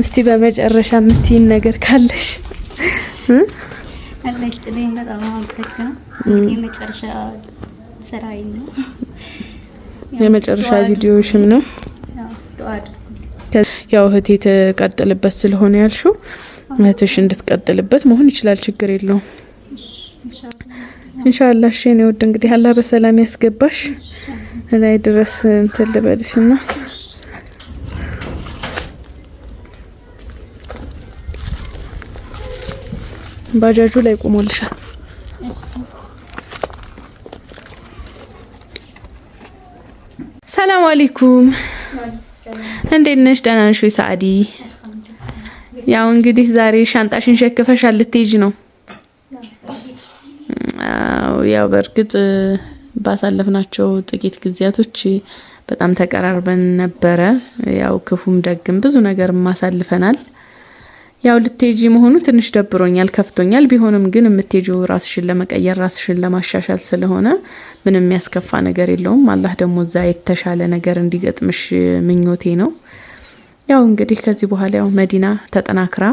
እስቲ በመጨረሻ የምትይን ነገር ካለሽ አላህ ጥሌ በጣም አመሰግናለሁ። የመጨረሻ ስራዬ ነው፣ የመጨረሻ ቪዲዮሽም ነው። ያው እህት የተቀጥልበት ስለሆነ ያልሽው እህትሽ እንድትቀጥልበት መሆን ይችላል፣ ችግር የለውም። እንሻላ እሺ። እኔ ወድ እንግዲህ አላህ በሰላም ያስገባሽ ላይ ድረስ እንትን ልበልሽ ና ባጃጁ ላይ ቆሞልሻል። ሰላም አለይኩም፣ እንዴት ነሽ? ደህና ነሽ ወይ ሰአዲ? ያው እንግዲህ ዛሬ ሻንጣሽን ሸክፈሽ ልትሄጂ ነው። ያው በእርግጥ ባሳለፍናቸው ጥቂት ጊዜያቶች በጣም ተቀራርበን ነበረ። ያው ክፉም ደግም ብዙ ነገር ማሳልፈናል። ያው ልትሄጂ መሆኑ ትንሽ ደብሮኛል፣ ከፍቶኛል። ቢሆንም ግን የምትሄጂው ራስሽን ለመቀየር ራስሽን ለማሻሻል ስለሆነ ምንም የሚያስከፋ ነገር የለውም። አላህ ደግሞ እዛ የተሻለ ነገር እንዲገጥምሽ ምኞቴ ነው። ያው እንግዲህ ከዚህ በኋላ ያው መዲና ተጠናክራ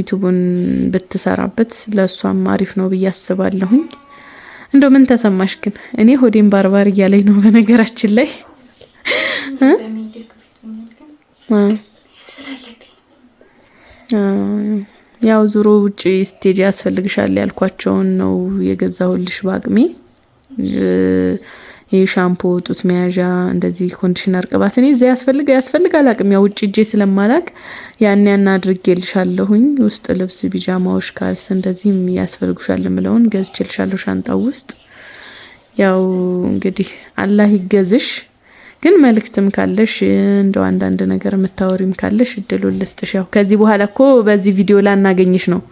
ዩቱቡን ብትሰራበት ለእሷም አሪፍ ነው ብዬ አስባለሁኝ። እንደው ምን ተሰማሽ ግን? እኔ ሆዴን ባርባር እያለኝ ነው በነገራችን ላይ ያው ዙሮ ውጭ ስቴጅ ያስፈልግሻል ያልኳቸውን ነው የገዛሁልሽ በአቅሜ። ይህ ሻምፖ፣ ጡት መያዣ፣ እንደዚህ ኮንዲሽነር፣ ቅባት እኔ እዚያ ያስፈልግ ያስፈልጋል አቅም ያው ውጭ እጄ ስለማላቅ ያን ያን አድርጌልሻለሁኝ። ውስጥ ልብስ፣ ቢጃማዎች፣ ካልስ እንደዚህም ያስፈልጉሻል የምለውን ገዝቼልሻለሁ ሻንጣው ውስጥ። ያው እንግዲህ አላህ ይገዝሽ። ግን መልእክትም ካለሽ እንደው አንዳንድ ነገር የምታወሪም ካለሽ እድሉን ልስጥሽ። ያው ከዚህ በኋላ እኮ በዚህ ቪዲዮ ላናገኝሽ ነው።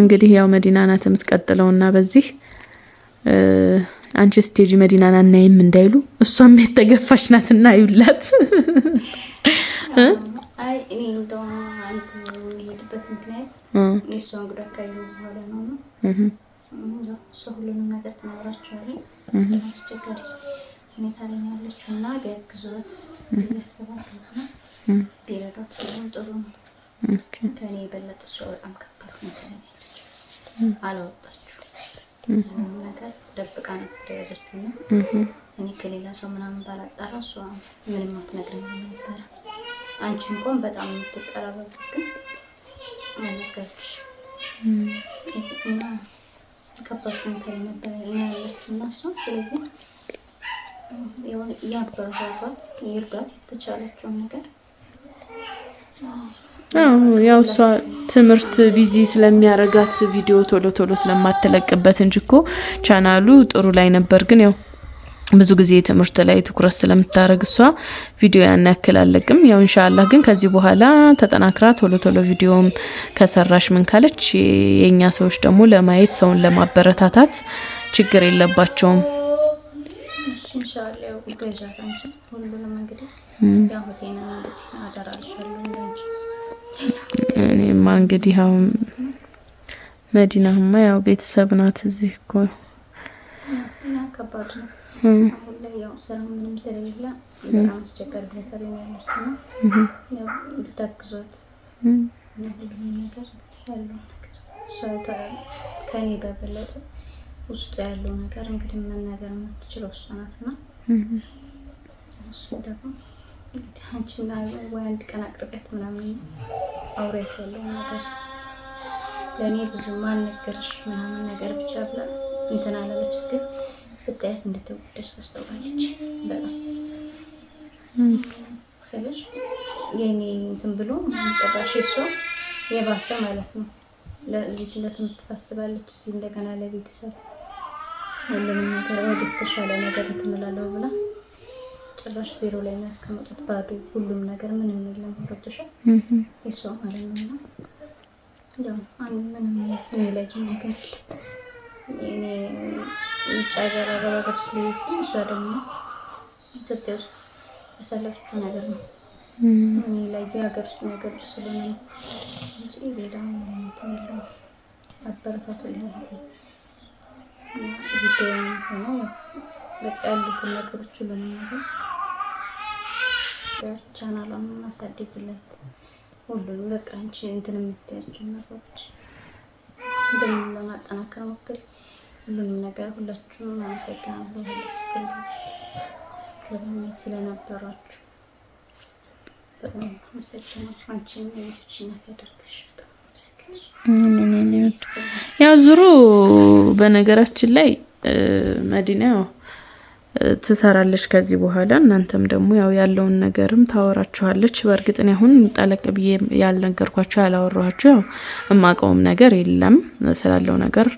እንግዲህ ያው መዲና ናት የምትቀጥለው እና በዚህ አንቺ ስቴጅ መዲናን አናይም እንዳይሉ እሷም የተገፋሽ ናትና ይውላት። እኔ አንዱ ምክንያት ካየሁ በኋላ ነው ነው እሷ ሁሉንም ነገር ትነግራቸዋለች። አስቸጋሪ ሁኔታ ላይ ነው ያለችው እና ቢያግዟት ቢያስባት ሆነ ቢረዷት ሆን ጥሩ ነው። ከእኔ የበለጠ እሷ በጣም ከባድ ሁኔታ ላይ ነው ያለችው። ነገር ደብቃ ነው ተያዘችው እና እኔ ከሌላ ሰው ምናምን ባላጣራ እሷ ምንም አትነግረኝ ነበረ። አንቺ እንኳን በጣም የምትቀራረብ። ግን አልነገረችሽ እና ከባድ ሁኔታ ነበረ ያለችው እና እሷን ስለዚህ ያበረቷት ይርዷት፣ የተቻላቸውን ነገር ያው እሷ ትምህርት ቢዚ ስለሚያደርጋት ቪዲዮ ቶሎ ቶሎ ስለማትለቅበት እንጂ እኮ ቻናሉ ጥሩ ላይ ነበር ግን ያው ብዙ ጊዜ ትምህርት ላይ ትኩረት ስለምታደረግ እሷ ቪዲዮ ያን ያክል አለቅም። ያው እንሻላ ግን ከዚህ በኋላ ተጠናክራ ቶሎ ቶሎ ቪዲዮም ከሰራሽ ምን ካለች የእኛ ሰዎች ደግሞ ለማየት ሰውን ለማበረታታት ችግር የለባቸውም። እኔማ እንግዲህ ያው መዲናማ ያው ቤተሰብ ናት እዚህ እኮ አሁን ላይ ያው ስራ ምንም ስለሌለ በጣም አስቸጋሪ ሁኔታ ላይ ያለች ነው። ያው እንድታግዟት ሁሉም ነገር ያለው ነገር እሷ ከኔ በበለጠ ውስጡ ያለው ነገር እንግዲህ መናገር የምትችለው እሷ ናት እና እሱ ደግሞ እንግዲህ አንቺና ወይ አንድ ቀን አቅርቢያት ምናምን አውሪያት ያለው ነገር ለእኔ ብዙ ማልነገርሽ ምናምን ነገር ብቻ ብላ እንትን አላለች ግን ስታያት እንደተጎዳች ታስታውቃለች። በጣም ሰለች የኔ እንትን ብሎ ጨራሽ እሷ የባሰ ማለት ነው። ለዚህ ለትምህርት ታስባለች፣ እዚህ እንደገና ለቤተሰብ ሁሉም ነገር ወደ ተሻለ ነገር እንትንላለሁ ብላ ጭራሽ ዜሮ ላይ ያስቀመጡት ባዶ ሁሉም ነገር ምንም የለም። ገብቶሻል? የእሷ ማለት ነው። ያው ምንም የሚለኝ ነገር እኔ ውጭ ሀገር አረጋገር ስለሚሆን እሷ ደግሞ ኢትዮጵያ ውስጥ ያሳለፈችው ነገር ነው። እኔ ላይ የሀገር ውስጥ ነገር ስለሆነ ሌላ ትንለ አበረታቱ ልነት ጉዳይ ሆነ በቃ ያሉትን ነገሮች ለመናገር ቻናሏን አሳድግለት ሁሉንም በቃ አንቺ እንትን የምታያቸው ነገሮች እንደምን ለማጠናከር ሞክል ሁሉንም ነገር ሁላችሁም አመሰግናለሁ። ሁለስቴል ለበህነት ስለነበራችሁ በጣም አመሰግናለሁ። አንቺን ቤቶች ናት ያደርግሽ ያው ዙሩ በነገራችን ላይ መዲና ያው ትሰራለች ከዚህ በኋላ እናንተም ደግሞ ያው ያለውን ነገርም ታወራችኋለች። በእርግጥ እኔ አሁን ጠለቅ ብዬ ያልነገርኳቸው ያላወራኋቸው ያው እማቀውም ነገር የለም ስላለው ነገር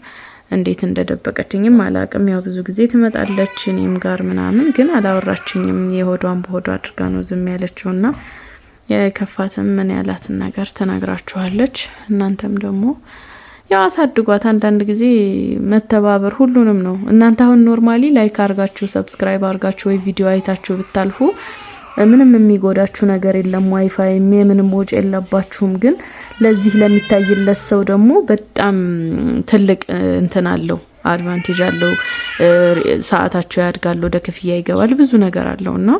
እንዴት እንደደበቀችኝም አላቅም። ያው ብዙ ጊዜ ትመጣለች እኔም ጋር ምናምን፣ ግን አላወራችኝም። የሆዷን በሆዷ አድርጋ ነው ዝም ያለችው እና የከፋትም ምን ያላትን ነገር ተናግራችኋለች። እናንተም ደግሞ ያው አሳድጓት። አንዳንድ ጊዜ መተባበር ሁሉንም ነው። እናንተ አሁን ኖርማሊ ላይክ አርጋችሁ ሰብስክራይብ አርጋችሁ ወይ ቪዲዮ አይታችሁ ብታልፉ ምንም የሚጎዳችሁ ነገር የለም። ዋይፋይ የምንም ወጪ የለባችሁም። ግን ለዚህ ለሚታይለት ሰው ደግሞ በጣም ትልቅ እንትን አለው፣ አድቫንቴጅ አለው። ሰዓታቸው ያድጋል፣ ወደ ክፍያ ይገባል፣ ብዙ ነገር አለው እና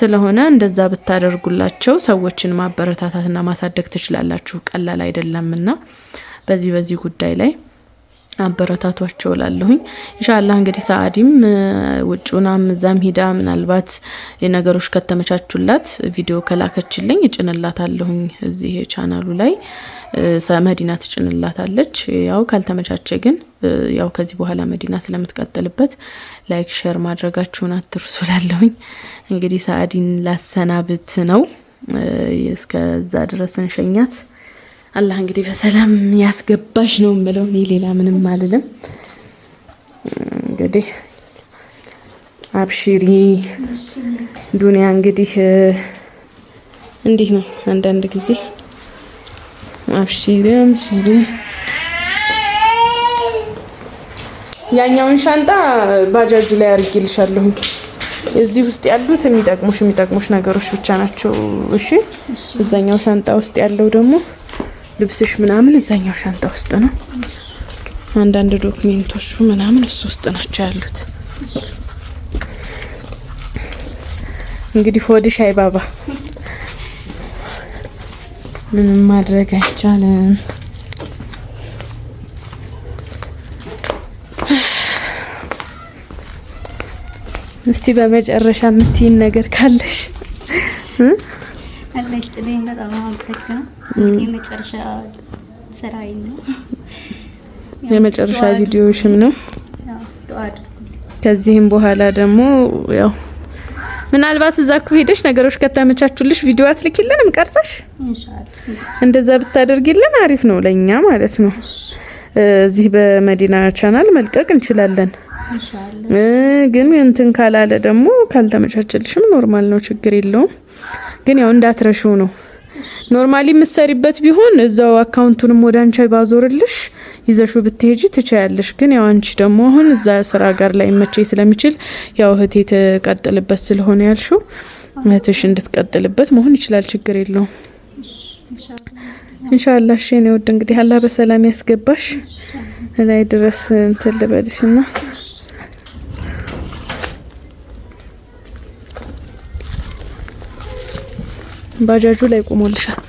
ስለሆነ እንደዛ ብታደርጉላቸው ሰዎችን ማበረታታትና ማሳደግ ትችላላችሁ። ቀላል አይደለምና በዚህ በዚህ ጉዳይ ላይ አበረታቷቸው ላለሁኝ ኢንሻላህ እንግዲህ ሰአዲም ውጭናም እዛም ሂዳ ምናልባት የነገሮች ከተመቻቹላት ቪዲዮ ከላከችልኝ እጭንላት አለሁኝ እዚህ ቻናሉ ላይ መዲና ትጭንላታለች። ያው ካልተመቻቸ ግን ያው ከዚህ በኋላ መዲና ስለምትቀጥልበት ላይክ ሸር ማድረጋችሁን አትርሱ ላለሁኝ እንግዲህ ሰአዲን ላሰናብት ነው። እስከዛ ድረስ እንሸኛት። አላህ እንግዲህ በሰላም ያስገባሽ ነው የምለው። እኔ ሌላ ምንም አልልም። እንግዲህ አብሽሪ ዱንያ እንግዲህ እንዲህ ነው። አንዳንድ ጊዜ አብሽሪ አብሽሪ። ያኛውን ሻንጣ ባጃጁ ላይ አድርጌልሻለሁኝ። እዚህ ውስጥ ያሉት የሚጠቅሙሽ የሚጠቅሙሽ ነገሮች ብቻ ናቸው። እሺ፣ እዛኛው ሻንጣ ውስጥ ያለው ደግሞ ልብስሽ ምናምን እዛኛው ሻንጣ ውስጥ ነው። አንዳንድ ዶክሜንቶቹ ምናምን እሱ ውስጥ ናቸው ያሉት። እንግዲህ ፎድሽ አይባባ ምንም ማድረግ አይቻልም። እስቲ በመጨረሻ የምትይን ነገር ካለሽ በጣም አመሰግናለሁ። የመጨረሻ ስራዬ ነው፣ የመጨረሻ ቪዲዮሽም ነው። ከዚህም በኋላ ደግሞ ያው ምናልባት እዛ እኮ ሄደሽ ነገሮች ከተመቻቹልሽ ቪዲዮ አትልኪልንም ቀርጸሽ እንደዛ ብታደርጊልን አሪፍ ነው ለእኛ ማለት ነው። እዚህ በመዲና ቻናል መልቀቅ እንችላለን። ግን እንትን ካላለ ደግሞ ካልተመቻቸልሽም ኖርማል ነው፣ ችግር የለውም። ግን ያው እንዳትረሹ ነው። ኖርማሊ የምትሰሪበት ቢሆን እዛው አካውንቱንም ወደ አንቺ ባዞርልሽ ይዘሹ ብትሄጂ ትቻያለሽ። ግን ያው አንቺ ደግሞ አሁን እዛ ስራ ጋር ላይ መቼ ስለሚችል ያው እህቴ የተቀጥልበት ስለሆነ ያልሹ እህትሽ እንድትቀጥልበት መሆን ይችላል። ችግር የለውም። እንሻላ እሺ። እኔ ውድ እንግዲህ አላህ በሰላም ያስገባሽ ላይ ድረስ እንትን ልበልሽ ና ባጃጁ ላይ ቆሞልሻል።